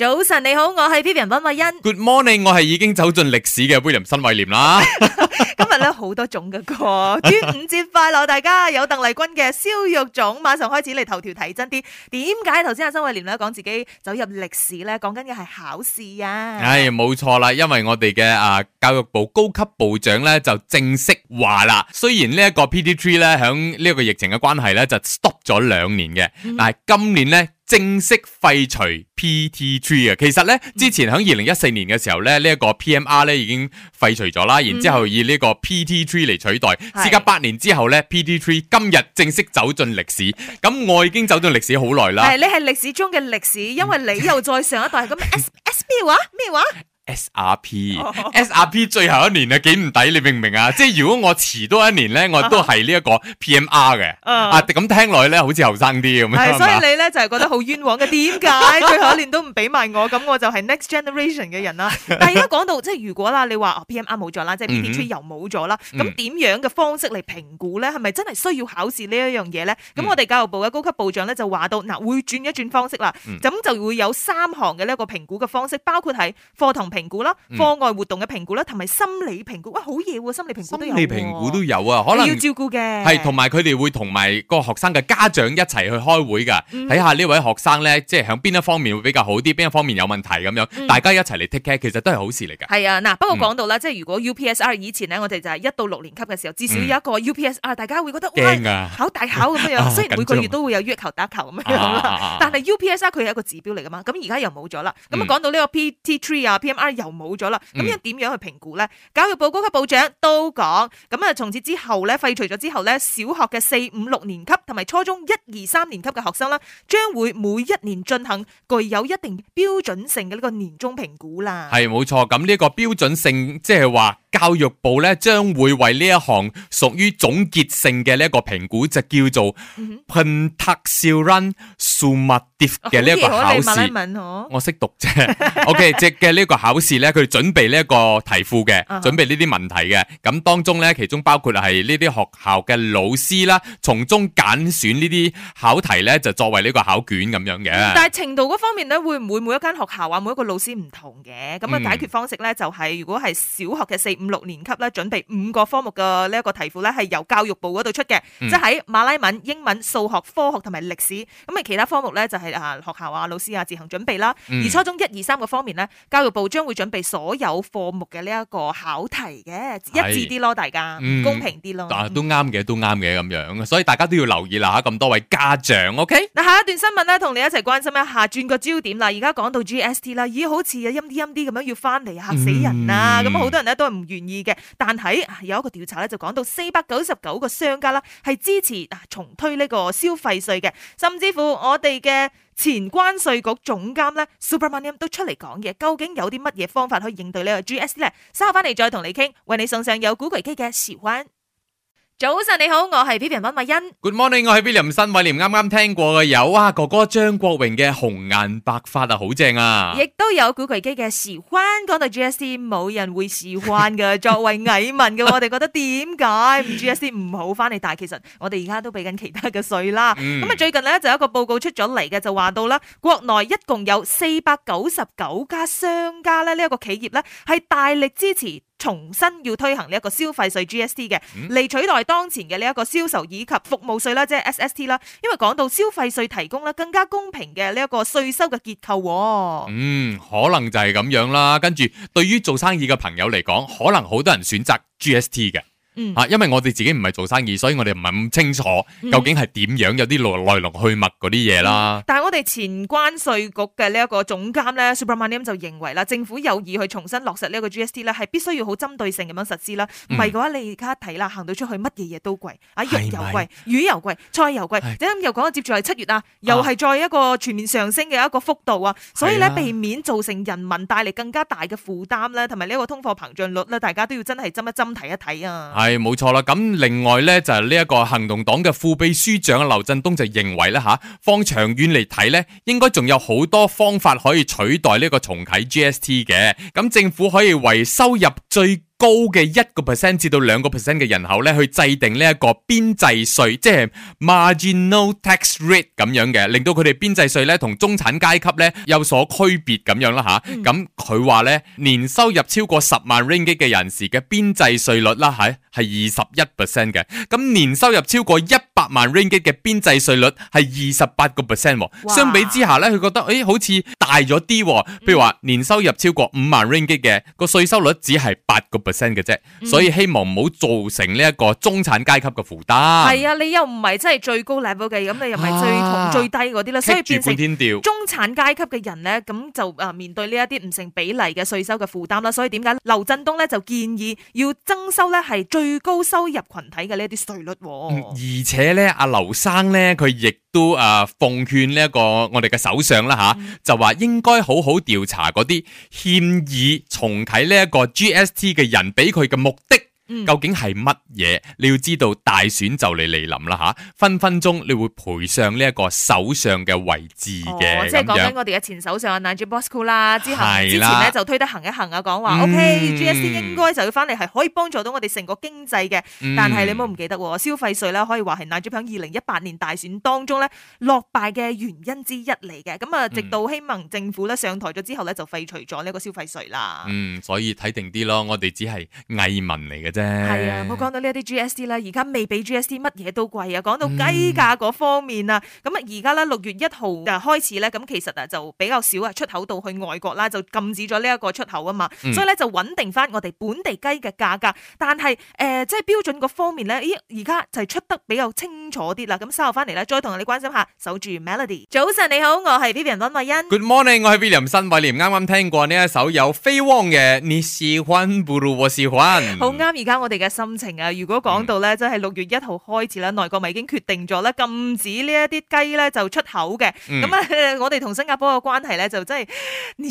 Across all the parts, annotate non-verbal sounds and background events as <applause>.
早晨你好，我係 Vivian 温慧欣。Good morning，我係已經走進歷史嘅 William 新偉廉啦。今日咧好多種嘅歌，端午節快樂，大家有鄧麗君嘅《燒肉粽》。馬上開始嚟頭條睇真啲，點解頭先阿新偉廉咧講自己走入歷史咧？講緊嘅係考試啊！哎冇錯啦，因為我哋嘅啊教育部高級部長咧就正式話啦，雖然呢一個 PT3 咧響呢個疫情嘅關係咧就 stop 咗兩年嘅，但係今年咧。正式廢除 PT3 啊！其實呢，之前喺二零一四年嘅時候呢，呢、呢、一個 PMR 呢已經廢除咗啦，然之後以呢個 PT3 嚟取代。事隔八年之後呢是，PT3 今日正式走進歷史。咁我已經走進歷史好耐啦。係，你係歷史中嘅歷史，因為你又再上一代咁。S <laughs> S 咩話？咩話？S R P S、哦、S R P 最後一年啊，幾唔抵，你明唔明啊？即係如果我遲多一年咧，我都係呢一個 P M R 嘅啊！咁、啊、聽落咧，好似後生啲咁樣。係，所以你咧就係、是、覺得好冤枉嘅，點解最後一年都唔俾埋我？咁我就係 Next Generation 嘅人啦。但係而家講到即係如果啦，你話、哦、P M R 冇咗啦，即係 P T Three 又冇咗啦，咁點、嗯、樣嘅方式嚟評估咧？係咪真係需要考試呢一樣嘢咧？咁、嗯、我哋教育部嘅高級部長咧就話到嗱，會轉一轉方式啦。咁、嗯、就會有三行嘅呢一個評估嘅方式，包括係課堂評。評估啦，課外活動嘅評估啦，同埋心理評估，哇，好嘢喎！心理評估都有，心理評估都有啊，可能要照顧嘅係，同埋佢哋會同埋個學生嘅家長一齊去開會噶，睇下呢位學生咧，即係響邊一方面會比較好啲，邊一方面有問題咁樣，嗯、大家一齊嚟 take care，其實都係好事嚟噶。係啊嗱，不過講到啦，即係、嗯、如果 UPSR 以前咧，我哋就係一到六年級嘅時候，至少有一個 UPSR，大家會覺得、啊、哇，考大考咁樣樣，啊、雖然每個月都會有月球打球咁樣樣啦，但係 UPSR 佢係一個指標嚟噶嘛，咁而家又冇咗啦。咁啊、嗯，講到呢個 PT3 啊，PMR。又冇咗啦，咁樣點樣去評估咧？教育部高級部長都講，咁啊，從此之後咧，廢除咗之後咧，小學嘅四五六年級同埋初中一二三年級嘅學生啦，將會每一年進行具有一定標準性嘅呢個年終評估啦。係冇錯，咁呢個標準性即係話，教育部咧將會為呢一項屬於總結性嘅呢一個評估，就叫做 Pentaksiran Sumatif。嘅呢一個考試，我識讀啫。O.K. 即嘅呢個考試咧，佢準備呢一個題庫嘅，準備呢啲問題嘅。咁當中咧，其中包括係呢啲學校嘅老師啦，從中揀選呢啲考題咧，就作為呢個考卷咁樣嘅。但係程度嗰方面咧，會唔會每一間學校話，每一個老師唔同嘅？咁啊，解決方式咧就係，如果係小學嘅四五六年級咧，準備五個科目嘅呢一個題庫咧，係由教育部嗰度出嘅，即係馬拉文、英文、數學、科學同埋歷史。咁啊，其他科目咧就係，啊，學校啊，老師啊，自行準備啦。嗯、而初中一二三個方面呢，教育部將會準備所有科目嘅呢一個考題嘅，是一致啲咯，嗯、咯，大家公平啲咯。但係都啱嘅，都啱嘅咁樣，所以大家都要留意啦。咁、啊、多位家長，OK？嗱，下一段新聞呢，同你一齊關心一下，轉個焦點啦。而家講到 GST 啦，咦，好似啊陰啲陰啲咁樣要翻嚟嚇死人，嗯、啊！咁好多人呢都係唔願意嘅。但係、啊、有一個調查呢，就講到四百九十九個商家啦，係支持、啊、重推呢個消費稅嘅，甚至乎我哋嘅前關稅局總監呢 Superman 都出嚟講嘢，究竟有啲乜嘢方法可以應對呢個 G S 呢？稍後返嚟再同你傾，為你送上有古巨基嘅市玩》。早晨你好，我係 p i l i a m 溫恩。Good morning，我係 William 新。偉廉。啱啱聽過嘅有啊，哥哥張國榮嘅紅顏白髮啊，好正啊！亦都有古巨基嘅時關。講到 G S C，冇人會時關㗎， <laughs> 作為蟻民嘅我哋覺得點解唔 G S C 唔好返嚟？但係其實我哋而家都俾緊其他嘅稅啦。咁啊、嗯，最近呢，就有一個報告出咗嚟嘅，就話到啦，國內一共有四百九十九家商家咧，呢、這、一個企業咧係大力支持。重新要推行呢一個消費稅 G S T 嘅、嗯，嚟取代當前嘅呢一個銷售以及服務稅啦，即、就、係、是、S S T 啦。因為講到消費稅提供咧更加公平嘅呢一個稅收嘅結構、哦。嗯，可能就係咁樣啦。跟住對於做生意嘅朋友嚟講，可能好多人選擇 G S T 嘅。啊，嗯、因為我哋自己唔係做生意，所以我哋唔係咁清楚究竟係點樣有啲來來龍去脈嗰啲嘢啦。嗯、但係我哋前關稅局嘅呢一個總監咧，Superman m 就認為啦，政府有意去重新落實個呢個 GST 咧，係必須要好針對性咁樣實施啦。唔係嘅話，你而家睇啦，行到出去乜嘢嘢都貴，啊，肉又貴，是是魚又貴，菜貴唉又貴，點解又講？接住係七月啊，又係再一個全面上升嘅一個幅度啊，啊所以咧避免造成人民帶嚟更加大嘅負擔啦，同埋呢一個通貨膨脹率咧，大家都要真係斟一斟睇一睇啊。係冇錯啦，咁另外咧，就係呢一個行動黨嘅副秘書長劉振東就認為咧吓，放、啊、長遠嚟睇咧，應該仲有好多方法可以取代呢個重啟 GST 嘅，咁政府可以為收入最。高嘅一個 percent 至到兩個 percent 嘅人口咧，去制定呢一個邊際稅，即係 marginal tax rate 咁樣嘅，令到佢哋邊際稅咧同中產階級咧有所區別咁樣啦吓，咁佢話咧，年收入超過十萬 ringgit 嘅人士嘅邊際稅率啦，係係二十一 percent 嘅。咁、嗯、年收入超過一萬 ringgit 嘅邊際稅率係二十八個 percent，相比之下咧，佢覺得誒、哎、好似大咗啲。譬如話年收入超過五萬 ringgit 嘅個稅收率只係八個 percent 嘅啫，嗯、所以希望唔好造成呢一個中產階級嘅負擔。係啊，你又唔係真係最高 level 嘅，咁你又唔係最、啊、最低嗰啲啦，所以變成中產階級嘅人咧，咁就啊面對呢一啲唔成比例嘅稅收嘅負擔啦。所以點解劉振東咧就建議要徵收咧係最高收入群體嘅呢一啲稅率、啊，而且阿劉生咧，佢亦都誒奉勸呢一個我哋嘅首相啦吓，啊嗯、就話應該好好調查嗰啲獻議重啟呢一個 GST 嘅人俾佢嘅目的。嗯、究竟係乜嘢？你要知道大選就嚟嚟臨啦吓，分分鐘你會賠上呢一個首相嘅位置嘅、哦、即係講緊我哋嘅前首相啊，Najib Bosco 啦，之後之前呢，啦就推得行一行啊，講話 O K，GST、嗯 OK, 應該就要翻嚟，係可以幫助到我哋成個經濟嘅。嗯、但係你冇唔記得消費稅咧，可以話係 Najib 響二零一八年大選當中咧落敗嘅原因之一嚟嘅。咁啊，直到希望政府咧上台咗之後咧，就廢除咗呢個消費稅啦。嗯，所以睇定啲咯，我哋只係藝文嚟嘅啫。係啊，我講到呢一啲 G S C 啦，而家未比 G S C 乜嘢都貴啊。講到雞價嗰方面啊，咁啊而家啦，六月一號啊開始咧，咁其實啊就比較少啊出口到去外國啦，就禁止咗呢一個出口啊嘛，所以咧就穩定翻我哋本地雞嘅價格。但係誒，即係標準嗰方面咧，咦而家就係出得比較清楚啲啦。咁稍後翻嚟啦，再同你哋關心下，守住 Melody。早晨你好，我係 Vivian 溫慧欣。Good morning，我係 William 新偉廉。啱啱聽過呢一首有飛翁嘅《你是 One Blue 還是 One》。好啱而家。我哋嘅心情啊，如果講到咧，即係六月一號開始啦，內、嗯、閣咪已經決定咗咧禁止呢一啲雞咧就出口嘅。咁啊、嗯嗯，我哋同新加坡嘅關係咧就真係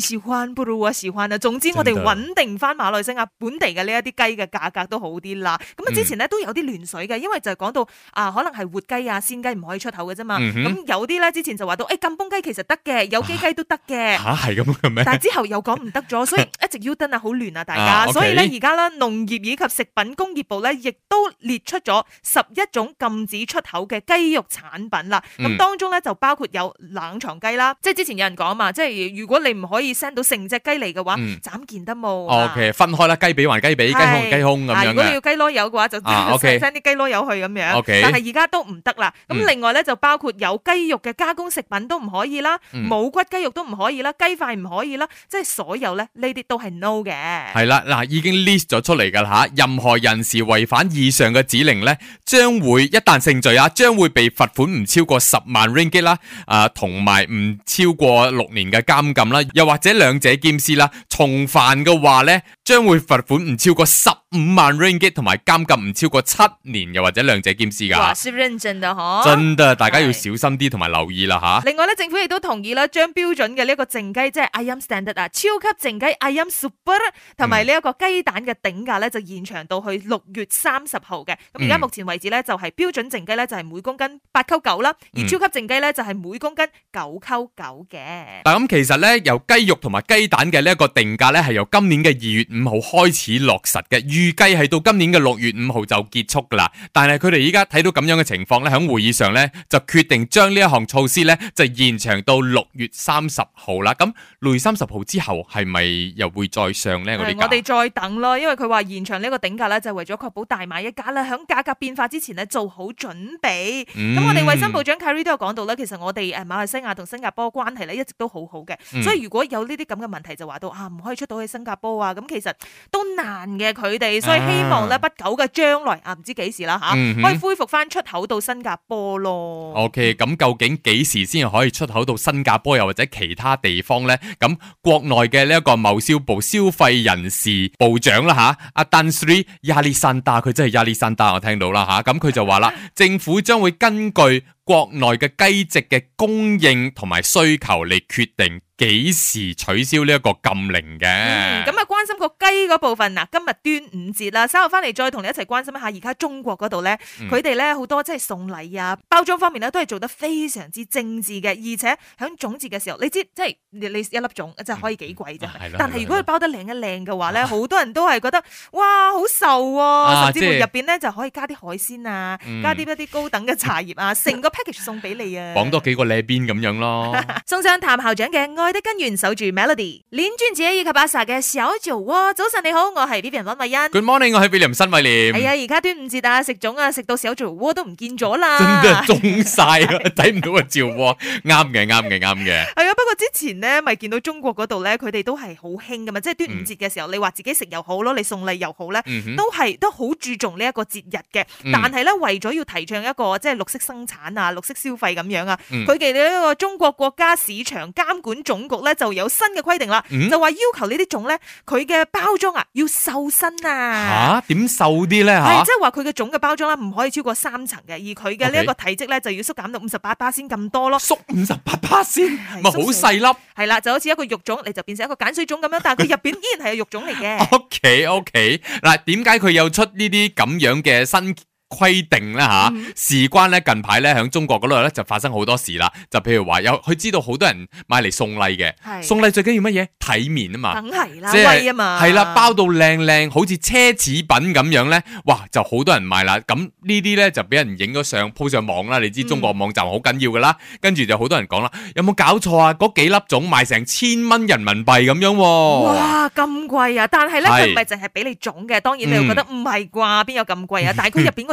時關不如啊時關啊。總之我哋穩定翻馬來西亞本地嘅呢一啲雞嘅價格都好啲啦。咁、嗯、啊、嗯、之前咧都有啲亂水嘅，因為就係講到啊，可能係活雞啊、鮮雞唔可以出口嘅啫嘛。咁、嗯嗯、有啲咧之前就話到，誒、欸、禁公雞其實得嘅，有雞雞都得嘅。嚇係咁，但係之後又講唔得咗， <laughs> 所以一直要等啊，好亂啊，大家。啊 okay、所以咧而家啦，農業以及食品工業部咧，亦都列出咗十一種禁止出口嘅雞肉產品啦。咁、嗯、當中咧就包括有冷藏雞啦，即係之前有人講啊嘛，即係如果你唔可以 send 到成隻雞嚟嘅話，嗯、斬件得冇。O、okay, K，分開啦，雞髀還雞髀，是雞胸還雞胸咁如果你要雞攞油嘅話，就 send 啲、啊 okay, 雞攞油去咁樣。O okay , K，但係而家都唔得啦。咁、嗯、另外咧就包括有雞肉嘅加工食品都唔可以啦，冇、嗯、骨雞肉都唔可以啦，雞塊唔可以啦，即係所有咧呢啲都係 no 嘅。係啦，嗱、啊，已經 list 咗出嚟㗎啦嚇。啊任何人士違反以上嘅指令咧，將會一旦成罪啊，將會被罰款唔超過十萬 ringgit 啦，啊，同埋唔超過六年嘅監禁啦，又或者兩者兼施啦。重犯嘅話咧，將會罰款唔超過十五萬 ringgit，同埋監禁唔超過七年，又或者兩者兼施噶。哇，serious 真噶嗬！真噶，大家要小心啲同埋留意啦嚇。另外咧，政府亦都同意啦，將標準嘅呢一個淨雞即係 ayam standard 啊，超級淨雞 ayam super，同埋呢一個雞蛋嘅頂價咧就現場。到去六月三十號嘅，咁而家目前為止咧就係標準淨雞咧就係每公斤八溝九啦，而超級淨雞咧就係每公斤九溝九嘅。嗱，咁其實咧，由雞肉同埋雞蛋嘅呢一個定價咧係由今年嘅二月五號開始落實嘅，預計係到今年嘅六月五號就結束啦。但係佢哋而家睇到咁樣嘅情況咧，喺會議上咧就決定將呢一項措施咧就延長到六月三十號啦。咁六月三十號之後係咪又會再上咧？我哋我哋再等咯，因為佢話延長呢個定。點咧，就為咗確保大買一家咧，響價格變化之前咧做好準備。咁、嗯、我哋衛生部長 Kerry 都有講到咧，其實我哋誒馬來西亞同新加坡關係咧一直都好好嘅，嗯、所以如果有呢啲咁嘅問題就話到啊，唔可以出到去新加坡啊，咁其實都難嘅佢哋，所以希望咧、啊、不久嘅將來啊，唔知幾時啦吓，啊嗯、哼可以恢復翻出口到新加坡咯。OK，咁究竟幾時先可以出口到新加坡，又或者其他地方咧？咁國內嘅呢一個貿消部消費人士部長啦吓，阿、啊丹斯里亞歷山大，佢真係亞歷山大，我聽到啦吓，咁、啊、佢就話啦， <laughs> 政府將會根據。國內嘅雞隻嘅供應同埋需求嚟決定幾時取消呢一個禁令嘅、嗯。咁、嗯、啊，關心個雞嗰部分嗱，今日端午節啦，稍後翻嚟再同你一齊關心一下。而家中國嗰度咧，佢哋咧好多即係送禮啊，包裝方面咧都係做得非常之精緻嘅，而且喺種子嘅時候，你知即係你一粒種即係可以幾貴啫。嗯啊、是的，但係如果佢包得靚一靚嘅話咧，好、啊、多人都係覺得哇好瘦喎、啊，啊、甚至乎入邊咧就可以加啲海鮮啊，嗯、加啲一啲高等嘅茶葉啊，成個。送俾你啊！講多幾個呢邊咁樣咯。 <laughs> 送上譚校長嘅《愛的根源》，守住 Melody。林俊傑以及阿 Sa 嘅小酒窩。早晨你好，我係 Vivian 溫慧欣。Good morning，我係畀林新米廉。係啊、哎，而家端午節啊，食粽啊，食到小酒窩都唔見咗啦。真係中晒啊！睇唔 <laughs> 對 到個照窩。啱嘅， <laughs> 啱嘅，啱嘅。係啊，不過之前咧，咪見到中國嗰度咧，佢哋都係好興㗎嘛。即、就、係、是、端午節嘅時候，嗯、你話自己食又好咯，你送禮又好咧、嗯哼，都係都好注重呢一個節日嘅。但係咧，為咗要提倡一個即係綠色生產啊。綠色消費咁樣啊，佢哋呢一個中國國家市場監管總局咧，就有新嘅規定啦，就話要求呢啲粽咧，佢嘅包裝啊，要瘦身啊，吓點瘦啲咧吓？係即係話佢嘅粽嘅包裝啦，唔可以超過三層嘅，而佢嘅呢一個體積咧，就要縮減到五十八巴先咁多咯，縮五十八巴先，咪好細粒？係啦，就好似一個肉粽你，就變成一個鹼水粽咁樣，但係佢入邊依然係有肉粽嚟嘅。O K O K 嗱，點解佢又出呢啲咁樣嘅新？規定啦、啊、吓，事關咧，近排咧喺中國嗰度咧就發生好多事啦。就譬如話有佢知道好多人買嚟送禮嘅，的送禮最緊要乜嘢？體面啊嘛，梗係啦，就是、威啊嘛，係啦，包到靚靚，好似奢侈品咁樣咧，哇，就好多人買啦。咁呢啲咧就俾人影咗相，鋪上網啦。你知中國網站好緊要噶啦，跟住、嗯、就好多人講啦，有冇搞錯啊？嗰幾粒種賣成千蚊人民幣咁樣喎、啊？哇，咁貴啊！但係咧，佢唔係淨係俾你種嘅，當然你又覺得唔係啩？邊、嗯、有咁貴啊？但係佢入邊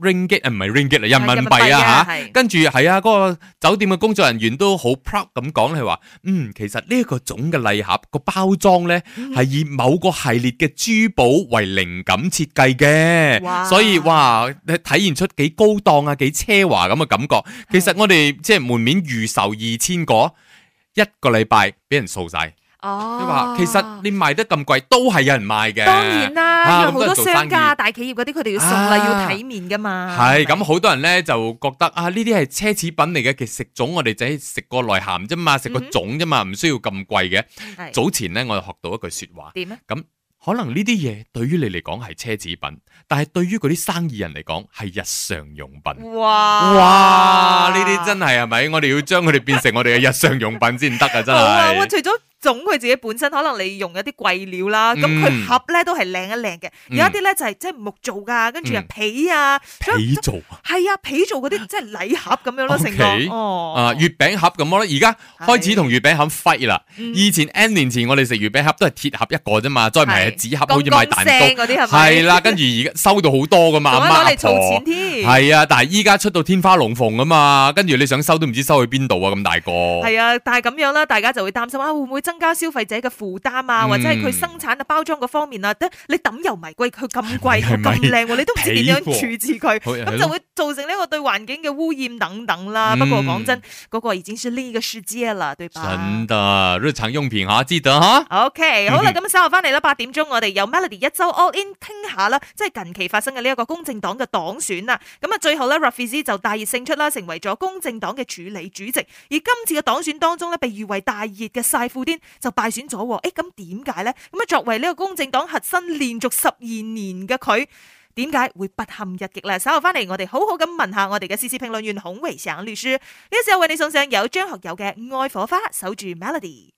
Ringgit 啊，唔係 Ringgit 啦，人民幣啊吓，跟住係啊，嗰個酒店嘅工作人員都好 proud 咁講係話，嗯，其實呢個總嘅禮盒個包裝咧係以某個系列嘅珠寶為靈感設計嘅，所以哇，體現出幾高檔啊，幾奢華咁嘅感覺。其實我哋即係門面預售二千個，一個禮拜俾人掃晒。哦，你話其實你賣得咁貴都係有人買嘅。當然啦，有好多商家、啊、大企業嗰啲，佢哋要送禮，啊、要體面噶嘛。係咁，好多人咧就覺得啊，呢啲係奢侈品嚟嘅。其實食粽我哋就係食個內涵啫嘛，食個粽啫嘛，唔、嗯、哼需要咁貴嘅。的早前咧，我就學到一句說話。點咧嗎？咁可能呢啲嘢對於你嚟講係奢侈品，但係對於嗰啲生意人嚟講係日常用品。哇哇！呢啲真係係咪？我哋要將佢哋變成我哋嘅日常用品先得㗎，真係、啊。我除咗。總佢自己本身可能利用一啲貴料啦，咁佢盒咧都係靚一靚嘅。有一啲咧就係即係木做噶，跟住皮啊皮做係啊皮做嗰啲即係禮盒咁樣咯，成個月餅盒咁咯。而家開始同月餅盒廢啦。以前 N 年前我哋食月餅盒都係鐵盒一個啫嘛，再唔係紙盒好似買蛋糕。係啦，跟住而家收到好多噶嘛，攞嚟儲錢添。係啊，但係依家出到天花龍鳳啊嘛，跟住你想收都唔知收去邊度啊，咁大個。係啊，但係咁樣啦，大家就會擔心啊，會唔會增加消費者嘅負擔啊，或者係佢生產啊、包裝嗰方面啊，嗯、你抌油迷貴，佢咁貴，佢咁靚，你都唔知點樣處置佢，咁火就會造成呢個對環境嘅污染等等啦。嗯、不過講真，嗰、那個已經算呢一個世界啦，對吧？真嘅，日常用品啊，記得吓 OK，嗯、好啦，咁稍後翻嚟啦，八點鐘我哋由 Melody 一周 All In 傾下啦，即係近期發生嘅呢一個公正黨嘅黨選啦。咁啊，最後呢 Rafizi 就大熱勝出啦，成為咗公正黨嘅署理主席。而今次嘅黨選當中呢，被譽為大熱嘅賽夫丁。就敗選咗，誒、欸，咁點解呢？咁啊，作為呢個公正黨核心，連續十二年嘅佢，點解會不堪一擊呢？稍後翻嚟，我哋好好咁問一下我哋嘅 C C 評論員孔維祥律師。呢、這個、時候為你送上有張學友嘅《愛火花》，守住 Melody。